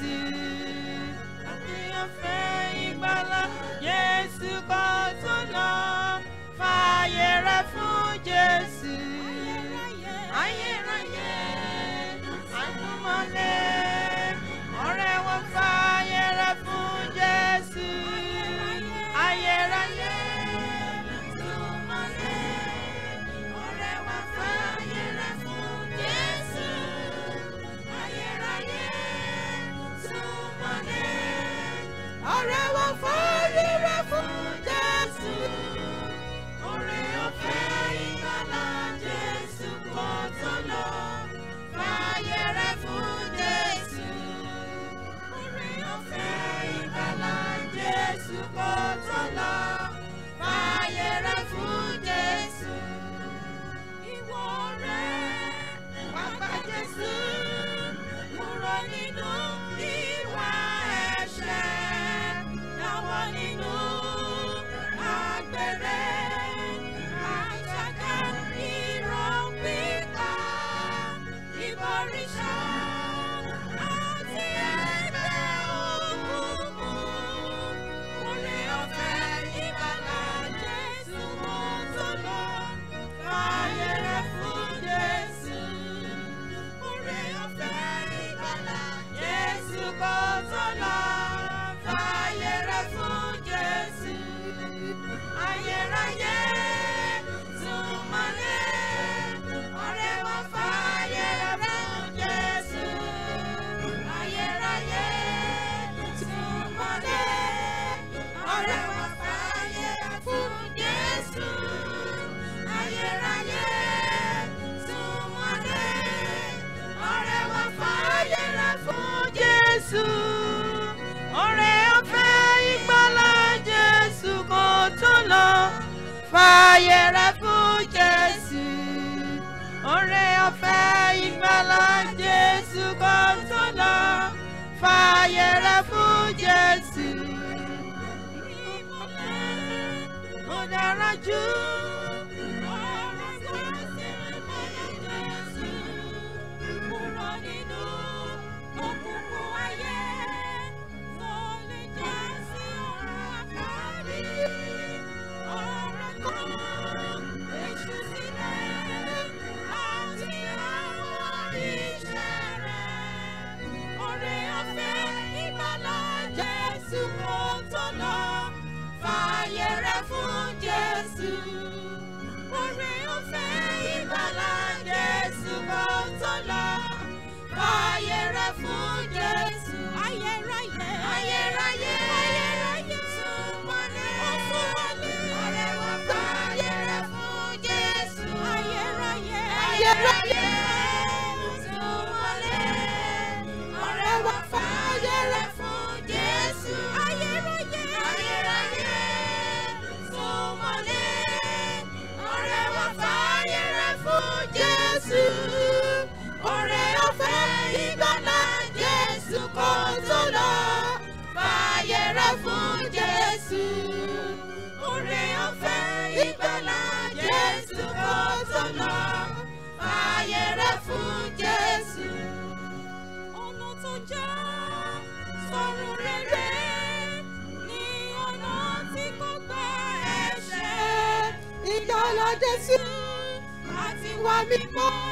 Jesus. ọ̀rẹ́ never fún. I am You. Jésù àti wà mímọ́.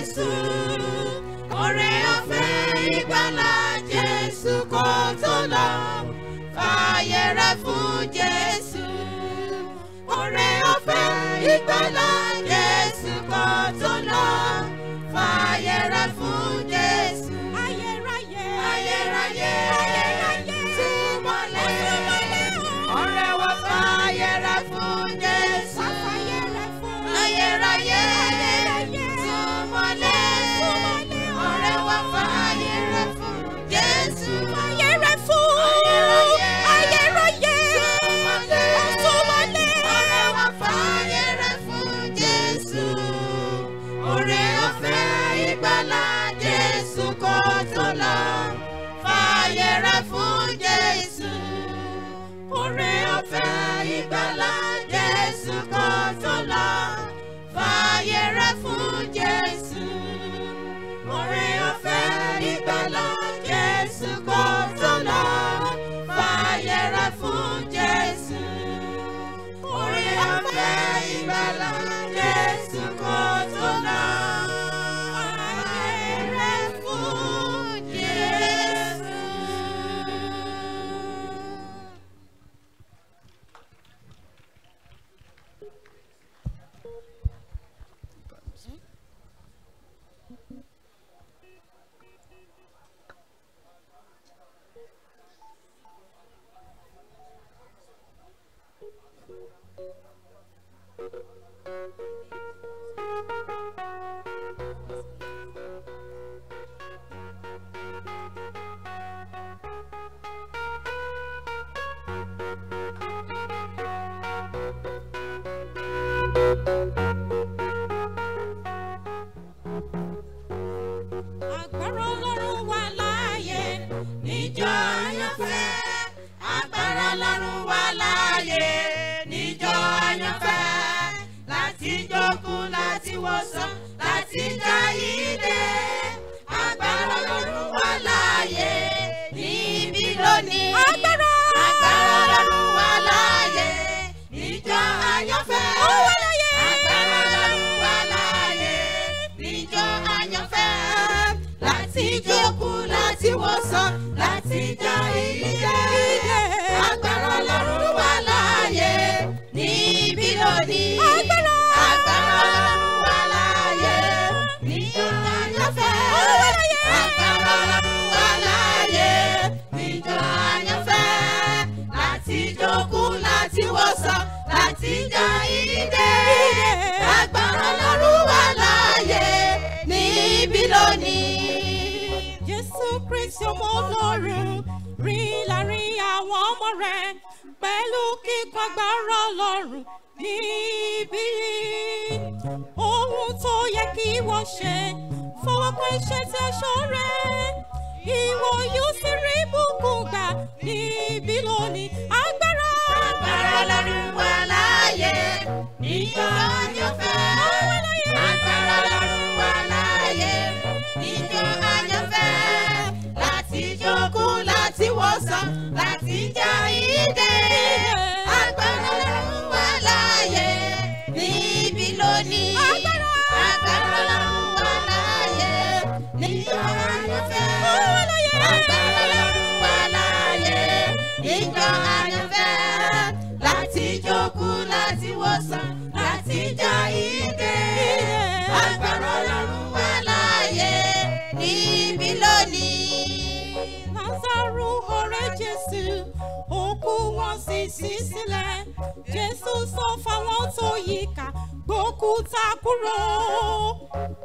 Jésù ọrẹ ọ̀fẹ́ ìgbàlà Jésù kò tó lọ fààyè rẹ̀ fún Jésù ọrẹ ọ̀fẹ́ ìgbàlà Jésù kò tó lọ fààyè rẹ̀ fún Jésù ayérayé ayérayé ayérayé. lọ́rùn wà láàyè níjọ́ àyànfẹ́ agbára lọ́rùn wà láàyè níjọ́ àyànfẹ́ láti jókòó láti wòsàn láti dá ìdè agbára lọ́rùn wà láàyè níbí lónìí agbára lọ́rùn wà láàyè níjọ́ àyànfẹ́. láti jókòó láti wòsàn láti já ìyè. agbára ọlọ́run wà láàyè níbí lónìí. agbára ọlọ́run wà láàyè ní ìjọba àyànfẹ́. agbára ọlọ́run wà láàyè ní ìjọba àyànfẹ́. láti jókòó láti wòsàn láti já ìyè. agbára ọlọ́run wà láàyè níbí lónìí kristi olóore rí láàrin àwọn ọmọ rẹ pẹ̀lú kíkangbára ọlọ́run níbí ohun tó yẹ kí wọ́n ṣe fọwọ́ pé ṣe ti aṣọ rẹ ìwọ yóò sì rí bùkún gbà níbí lónìí agbára. agbára ọlọ́run wà láàyè ìjọba ni ó fẹ́. ọ̀sán láti jáde. sì sílẹ̀ Jésù sọ fáwọn tó yí ká gbókúta kúrò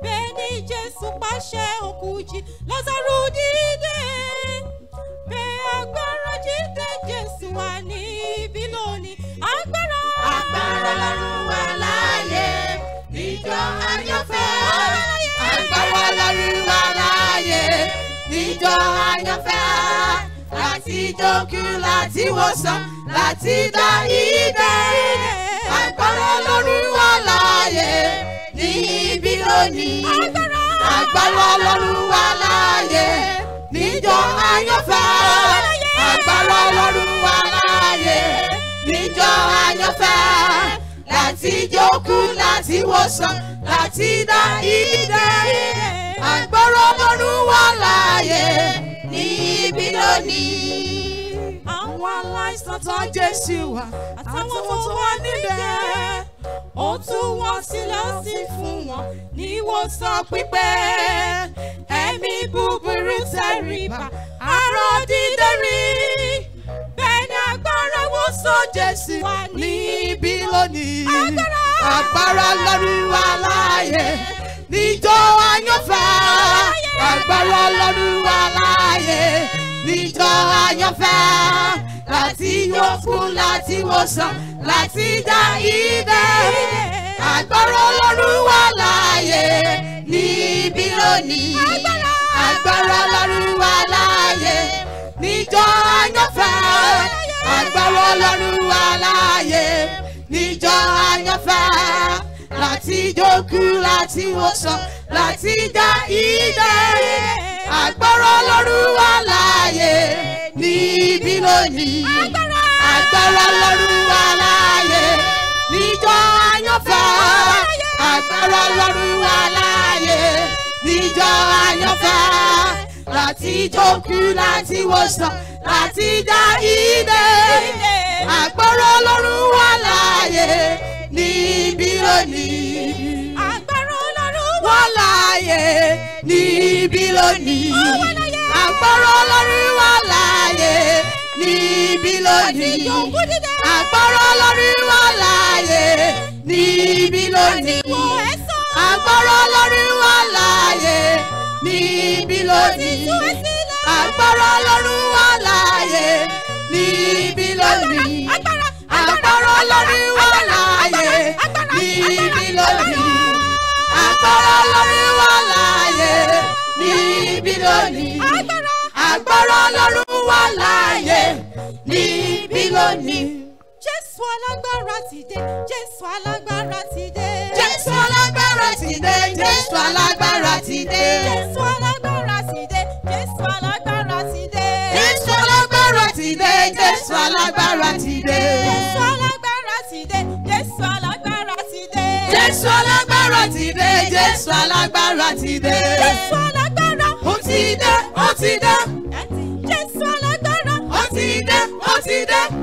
bẹ́ẹ̀ ni Jésù pàṣẹ òkú jí Lásárù dìde bẹ́ẹ̀ agbára jíde Jésù wà níbí lónìí agbára. agbára lọ́rùn wà láàyè ìjọ àyànfẹ́ agbára lọ́rùn wà láàyè ìjọ àyànfẹ́ láti jókòó láti wòsàn àti dá ìdè agbára ọlọ́run wà láàyè ní ibi lónìí agbára ọlọ́run wà láàyè níjọ ayọ́fẹ́ agbára ọlọ́run wà láàyè níjọ ayọ́fẹ́ láti jókòó láti wòsàn láti dá ìdè agbára ọlọ́run wà láàyè ní ibi lónìí aláìsàn tó jésù wá àtàwọn tó wà níbẹ̀ ó tú wọn sílẹ̀ sí fún wọn ní ìwòsàn pípẹ́ ẹ̀mí búburú tẹríba arọ dídé rí bẹ́ẹ̀ ni agbára wòsàn jésù wà níbí lónìí agbára lórí wa láàyè níjọ àyànfẹ́ agbára lórí wa láàyè níjọ àyànfẹ́ láti yọ fún láti wòsàn láti dá ibẹ̀. agbára ọlọ́run wà láàyè níbí lónìí. agbára ọlọ́run wà láàyè níjọ àyànfẹ́. agbára ọlọ́run wà láàyè níjọ àyànfẹ́. láti jókù láti wòsàn láti dá ibẹ̀. agbára ọlọ́run wà láàyè níbí lónìí agbára lọ́rùn aláyé níjọ àyànfẹ́ agbára lọ́rùn aláyé níjọ àyànfẹ́ láti jókòó láti wòsàn láti dá ilé agbára lọ́rùn aláyé níbí lónìí agbára lọ́rùn aláyé níbí lónìí àpárá lórí wà láàyè níbí lónìí àpárá lórí wà láàyè níbí lónìí àpárá lórí wà láàyè níbí lónìí àpárá lórí wà láàyè níbí lónìí. ọ̀rọ̀ ọlọ́run wà láàyè níbí lónìí. jésù alágbára ti dé jésù alágbára ti dé. jésù alágbára ti dé jésù alágbára ti dé. jésù alágbára ti dé jésù alágbára ti dé. jésù alágbára ti dé jésù alágbára ti dé. jésù alágbára ti dé jésù alágbára ti dé. jésù alágbára ti dé jésù alágbára ti dé. jésù alágbára ti dé. dé.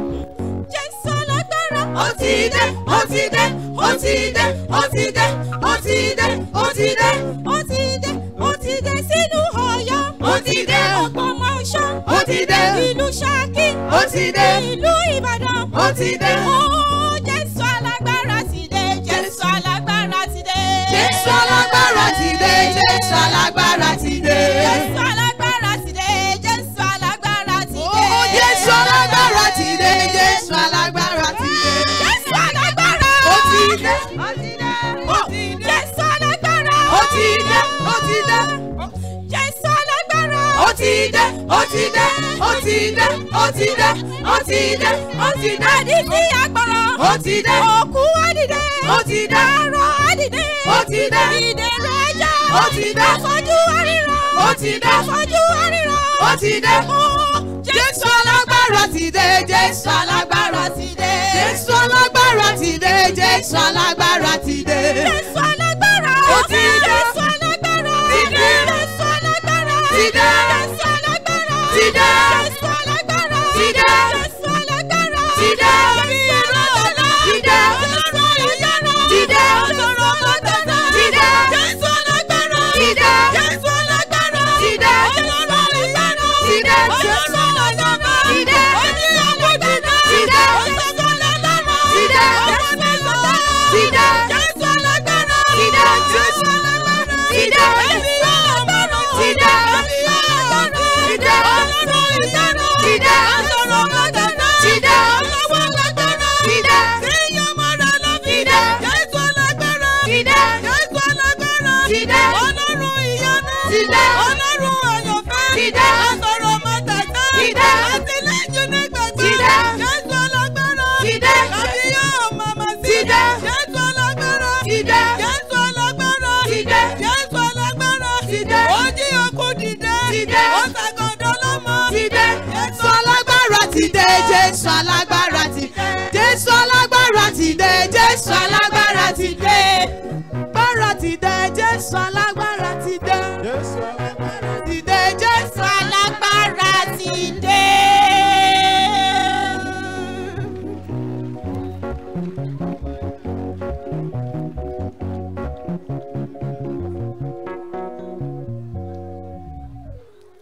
Jésù alágbára. Ó ti dé, ó ti dé, ó ti dé, ó ti dé, ó ti dé, ó ti dé. Ó ti dé, ó ti dé sínú Ọ̀yọ́. Ó ti dé. Ògbómọ̀ṣọ́. Ó ti dé. Ìlú Ṣakí. Ó ti dé. Ìlú Ìbàdàn. Ó ti dé. Ó ti dé ó ti dé ó ti dé ó ti dé ó ti dé ó ti dé. àdí sí agbọ̀rọ̀. ó ti dé. òkú á dìde. ó ti dé. àárọ̀ á dìde. ó ti dé. ìdèrè ẹja. ó ti dé. àfojú àríran. ó ti dé. àfojú àríran. ó ti dé. jésù alágbára ti dé jésù alágbára ti dé. jésù alágbára ti dé jésù alágbára ti dé. jésù alágbára ti dé. jésù alágbára ti jésù alágbára ti dé jésù alágbára ti dé gbára ti dé jésù alágbára ti dé jésù alágbára ti dé jésù alágbára ti dé.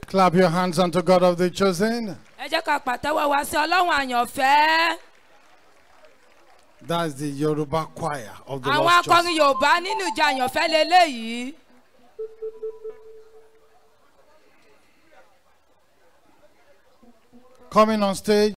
Clap your hands unto God of the chosen. jẹ́ ká pàtẹ́wọ́ wá sí Ọlọ́run àyànfẹ́. That's the Yoruba choir of the Lord's Church. Àwọn akọrin Yorùbá nínú ìjọ àyànfẹ́ lélẹ́yìí. Coming on stage.